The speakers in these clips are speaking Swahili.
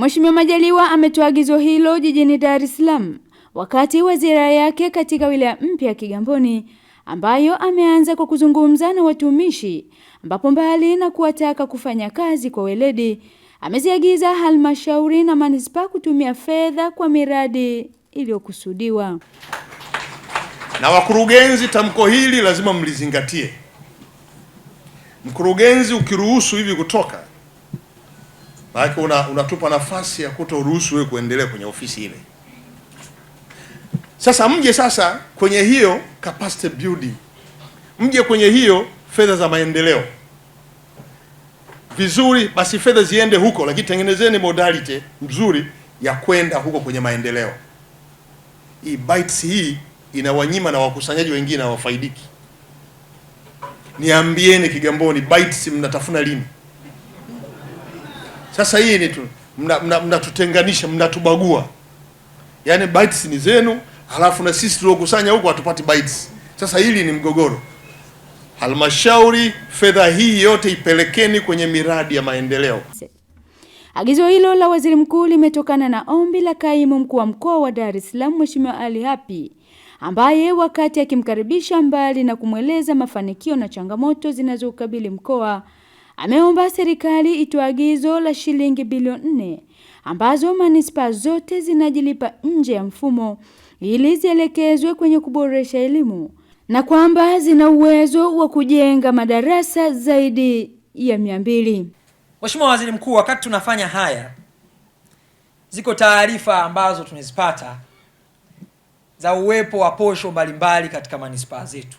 Mheshimiwa Majaliwa ametoa agizo hilo jijini Dar es Salaam wakati wa ziara yake katika wilaya mpya ya Kigamboni ambayo ameanza kwa kuzungumza na watumishi ambapo mbali na kuwataka kufanya kazi kwa weledi, ameziagiza halmashauri na manispaa kutumia fedha kwa miradi iliyokusudiwa. Na wakurugenzi, tamko hili lazima mlizingatie. Mkurugenzi ukiruhusu hivi kutoka maanake una, unatupa nafasi ya ruhusu wewe kuendelea kwenye ofisi ile. Sasa mje sasa kwenye hiyo capacity building, mje kwenye hiyo fedha za maendeleo. Vizuri basi, fedha ziende huko, lakini tengenezeni modality mzuri ya kwenda huko kwenye maendeleo. Hii bites hii inawanyima na wakusanyaji wengine hawafaidiki. Niambieni Kigamboni, bites mnatafuna lini? Sasa hii ni tu mnatutenganisha, mna, mna mnatubagua, yaani bytes ni zenu, halafu na sisi tuliokusanya huko hatupati bytes. Sasa hili ni mgogoro. Halmashauri, fedha hii yote ipelekeni kwenye miradi ya maendeleo. Agizo hilo la waziri mkuu limetokana na ombi la kaimu mkuu wa mkoa wa Dar es Salaam Mheshimiwa Ali Hapi ambaye wakati akimkaribisha mbali na kumweleza mafanikio na changamoto zinazoukabili mkoa ameomba serikali itoe agizo la shilingi bilioni nne ambazo manispaa zote zinajilipa nje ya mfumo ili zielekezwe kwenye kuboresha elimu na kwamba zina uwezo wa kujenga madarasa zaidi ya mia mbili. Mheshimiwa Waziri Mkuu, wakati tunafanya haya, ziko taarifa ambazo tunazipata za uwepo wa posho mbalimbali katika manispaa zetu,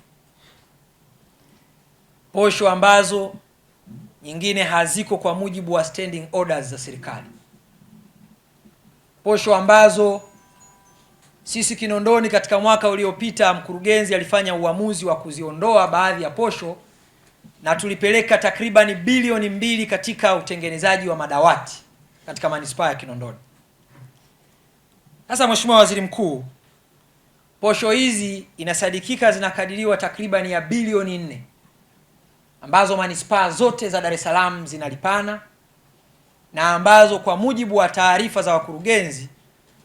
posho ambazo nyingine haziko kwa mujibu wa standing orders za serikali. Posho ambazo sisi Kinondoni katika mwaka uliopita mkurugenzi alifanya uamuzi wa kuziondoa baadhi ya posho na tulipeleka takribani bilioni mbili katika utengenezaji wa madawati katika manispaa ya Kinondoni. Sasa Mheshimiwa Waziri Mkuu, posho hizi inasadikika zinakadiriwa takribani ya bilioni nne ambazo manispaa zote za Dar es Salaam zinalipana na ambazo kwa mujibu wa taarifa za wakurugenzi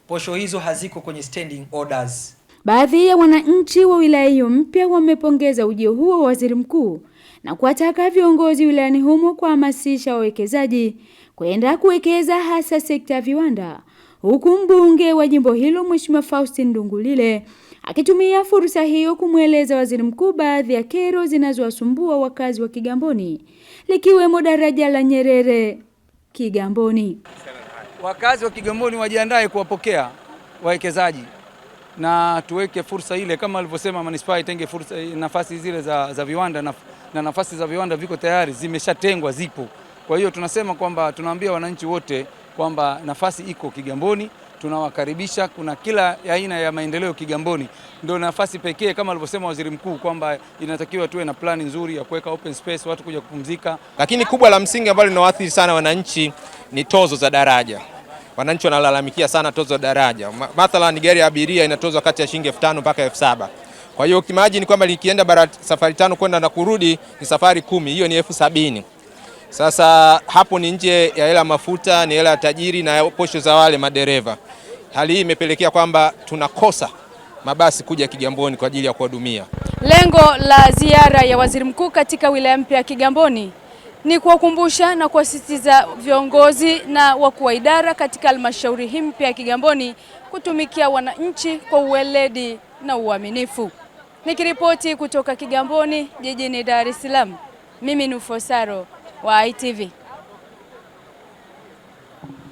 posho hizo haziko kwenye standing orders. Baadhi ya wananchi wa wilaya hiyo mpya wamepongeza ujio huo wa waziri mkuu na kuwataka viongozi wilayani humo kuhamasisha wawekezaji kwenda kuwekeza hasa sekta ya viwanda huku mbunge wa jimbo hilo Mheshimiwa Faustin Ndungulile akitumia fursa hiyo kumweleza waziri mkuu baadhi ya kero zinazowasumbua wakazi wa Kigamboni likiwemo daraja la Nyerere Kigamboni. Wakazi wa Kigamboni wajiandae kuwapokea wawekezaji na tuweke fursa ile kama alivyosema manispaa itenge fursa, nafasi zile za, za viwanda na, na nafasi za viwanda viko tayari zimeshatengwa zipo. Kwa hiyo tunasema kwamba tunaambia wananchi wote kwamba nafasi iko Kigamboni, tunawakaribisha. Kuna kila aina ya maendeleo Kigamboni, ndio nafasi pekee kama alivyosema waziri mkuu kwamba inatakiwa tuwe na plani nzuri ya kuweka open space, watu kuja kupumzika. Lakini kubwa la msingi ambalo linawaathiri sana wananchi ni tozo za daraja. Wananchi wanalalamikia sana tozo za daraja. Mathalan, gari ya abiria inatozwa kati ya shilingi elfu tano mpaka elfu saba kwa hiyo ukimaji ni kwamba likienda safari tano kwenda na kurudi ni safari kumi, hiyo ni elfu sabini. Sasa hapo ni nje ya hela mafuta, ni hela ya tajiri na posho za wale madereva. Hali hii imepelekea kwamba tunakosa mabasi kuja Kigamboni kwa ajili ya kuhudumia. Lengo la ziara ya waziri mkuu katika wilaya mpya ya Kigamboni ni kuwakumbusha na kuwasisitiza viongozi na wakuu wa idara katika halmashauri hii mpya ya Kigamboni kutumikia wananchi kwa uweledi na uaminifu. Nikiripoti kutoka Kigamboni jijini Dar es Salaam, mimi ni Ufosaro wa ITV.